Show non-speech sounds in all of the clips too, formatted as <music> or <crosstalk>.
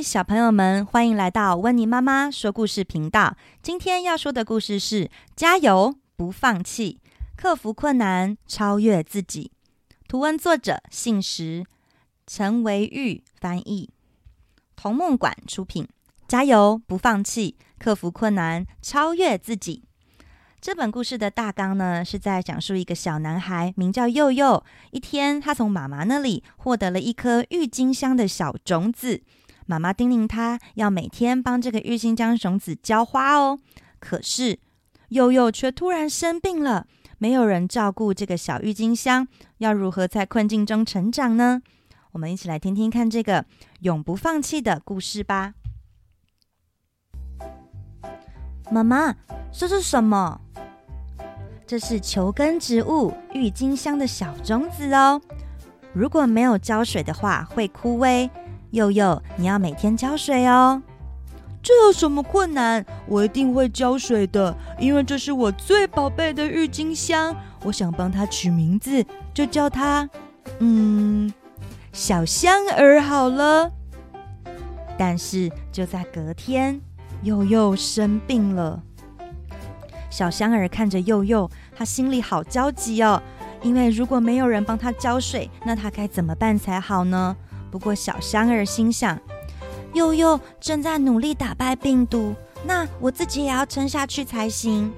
小朋友們，歡迎來到溫妮媽媽說故事頻道。今天要說的故事是：加油，不放棄，克服困難，超越自己。圖文作者：信實，陳維玉翻譯，童夢館出品。加油，不放棄，克服困難，超越自己。這本故事的大綱呢，是在講述一個小男孩名叫佑佑。一天，他從媽媽那裡獲得了一顆鬱金香的小種子。媽媽叮嚀她要每天幫這個鬱金香種子澆花哦。可是，佑佑卻突然生病了，沒有人照顧這個小鬱金香，要如何在困境中成長呢？我們一起來聽聽看這個永不放棄的故事吧。媽媽，這是什麼？這是球根植物鬱金香的小種子哦。如果沒有澆水的話，會枯萎。佑佑，你要每天澆水哦。這有什麼困難？我一定會澆水的，因為這是我最寶貝的鬱金香。我想幫它取名字，就叫它……嗯，小香兒好了。但是就在隔天，佑佑生病了。小香兒看着佑佑，他心裡好焦急哦，因為如果沒有人幫他澆水，那他該怎麼辦才好呢？不過，小香兒心想：“佑佑正在努力打敗病毒，那我自己也要撐下去才行。”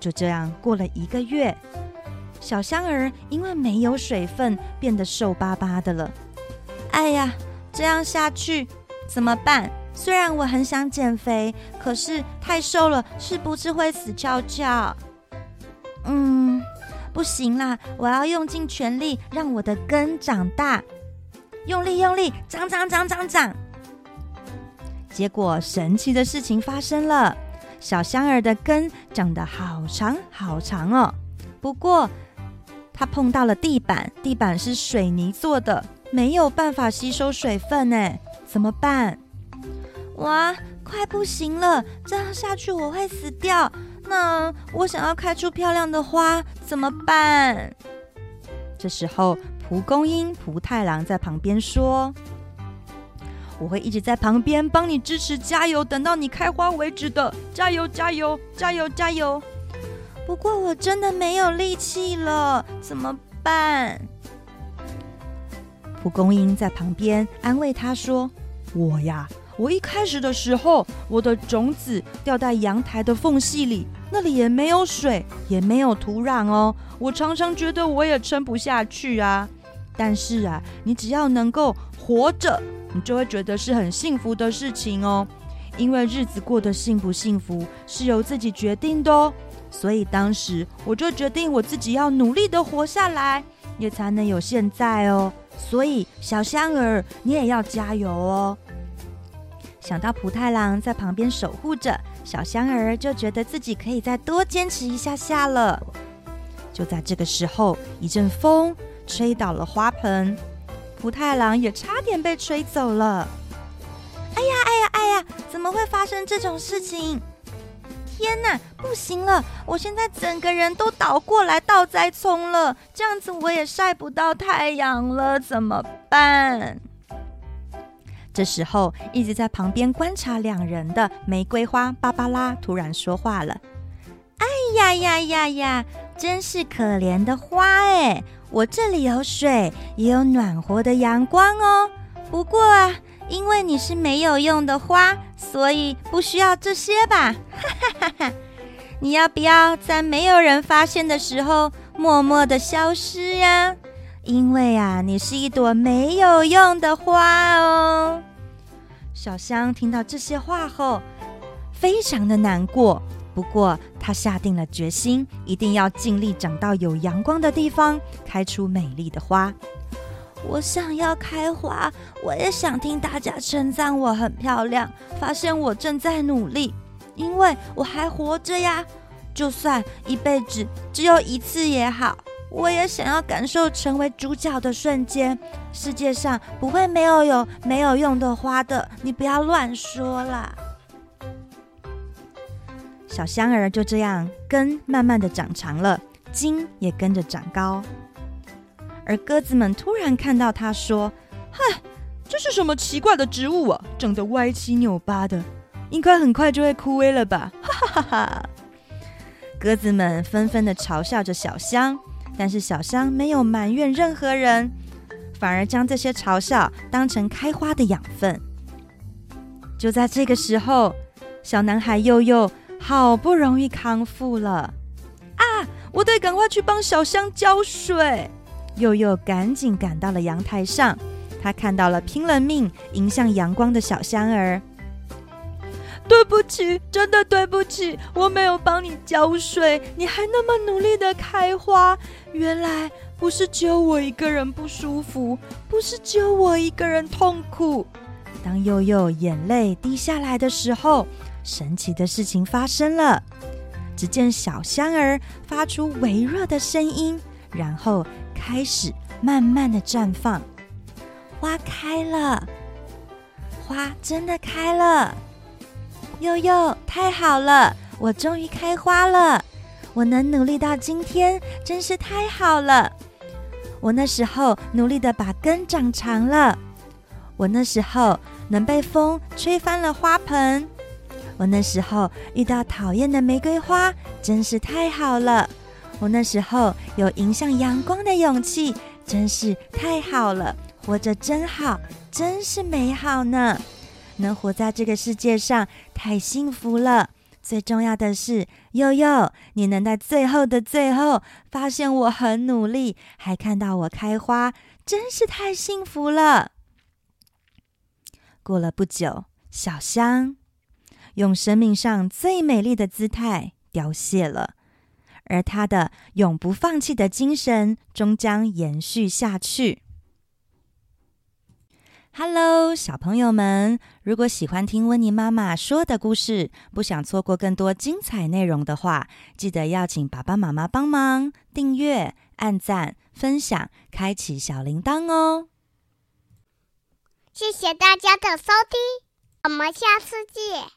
就這樣過了一個月，小香兒因為沒有水分，變得瘦巴巴的了。哎呀，這樣下去怎麼辦？雖然我很想減肥，可是太瘦了，是不是會死翹翹？嗯，不行啦！我要用盡全力讓我的根長大。用力用力長長長長長，結果神奇的事情發生了，小香兒的根長得好長好長哦。不過，它碰到了地板，地板是水泥做的，沒有辦法吸收水分呢。怎麼辦？哇，快不行了，這樣下去我會死掉。那我想要開出漂亮的花怎麼辦？這時候。蒲公英蒲太郎在旁邊說：“我會一直在旁邊幫你支持加油，等到你開花為止的。加油加油加油加油！加油加油，不過我真的沒有力氣了，怎麼辦？”蒲公英在旁邊安慰他說：“我呀，我一開始的時候，我的種子掉在陽台的縫隙裡，那裡也沒有水，也沒有土壤哦。我常常覺得我也撐不下去啊。”但是啊，你只要能夠活着，你就會覺得是很幸福的事情哦。因為日子過得幸不幸福是由自己決定的哦。所以當時我就決定我自己要努力地活下來，也才能有現在哦。所以小香兒，你也要加油哦。想到蒲太郎在旁邊守護着小香兒，就覺得自己可以再多堅持一下下了。就在這個時候，一陣風。吹倒了花盆，蒲太郎也差點被吹走了。哎呀，哎呀，哎呀！怎麼會發生這種事情？天哪，不行了！我現在整個人都倒過來倒栽蔥了，這樣子我也曬不到太陽了，怎麼辦？這時候，一直在旁邊觀察兩人的玫瑰花芭芭拉突然說話了：“哎呀呀呀呀！真是可憐的花誒。”我這裡有水，也有暖和的陽光哦。不過啊，因為你是沒有用的花，所以不需要這些吧。 <laughs> 你要不要在沒有人發現的時候默默地消失呀？因為啊，你是一朵沒有用的花哦。小香聽到這些話後，非常的難過。不過。他下定了決心，一定要盡力長到有陽光的地方，開出美麗的花。我想要開花，我也想聽大家稱讚我很漂亮，發現我正在努力，因為我還活着呀。就算一輩子只有一次也好，我也想要感受成為主角的瞬間。世界上不會沒有有沒有用的花的，你不要亂說啦！小香兒就這樣根慢慢的長長了，莖也跟着長高。而鴿子們突然看到它，說：“哼，這是什麼奇怪的植物啊？長得歪七扭八的，應該很快就會枯萎了吧？”哈哈哈哈哈！鴿子們紛紛的嘲笑着小香，但是小香沒有埋怨任何人，反而將這些嘲笑當成開花的養分。就在這個時候，小男孩又又好不容易康復了啊！我得趕快去幫小香澆水。悠悠趕緊趕到了陽台上，他看到了拼了命迎向陽光的小香兒。對不起，真的對不起，我沒有幫你澆水，你還那麼努力的開花。原來不是只有我一個人不舒服，不是只有我一個人痛苦。當悠悠眼淚滴下來的時候。神奇的事情發生了，只見小香兒發出微弱的聲音，然後開始慢慢的綻放。花開了，花真的開了！呦呦，太好了！我終於開花了！我能努力到今天，真是太好了！我那時候努力的把根長長了，我那時候能被風吹翻了花盆。我那時候遇到討厭的玫瑰花，真是太好了。我那時候有迎向陽光的勇氣，真是太好了。活着真好，真是美好呢。能活在這個世界上，太幸福了。最重要的是，悠悠，你能在最後的最後發現我很努力，還看到我開花，真是太幸福了。過了不久，小香。用生命上最美麗的姿態凋謝了，而他的永不放棄的精神終將延續下去。Hello，小朋友們，如果喜歡聽溫妮媽媽說的故事，不想錯過更多精彩內容的話，記得要請爸爸媽媽幫忙訂閱、按讚、分享、開啟小鈴鐺哦。謝謝大家的收聽，我們下次見。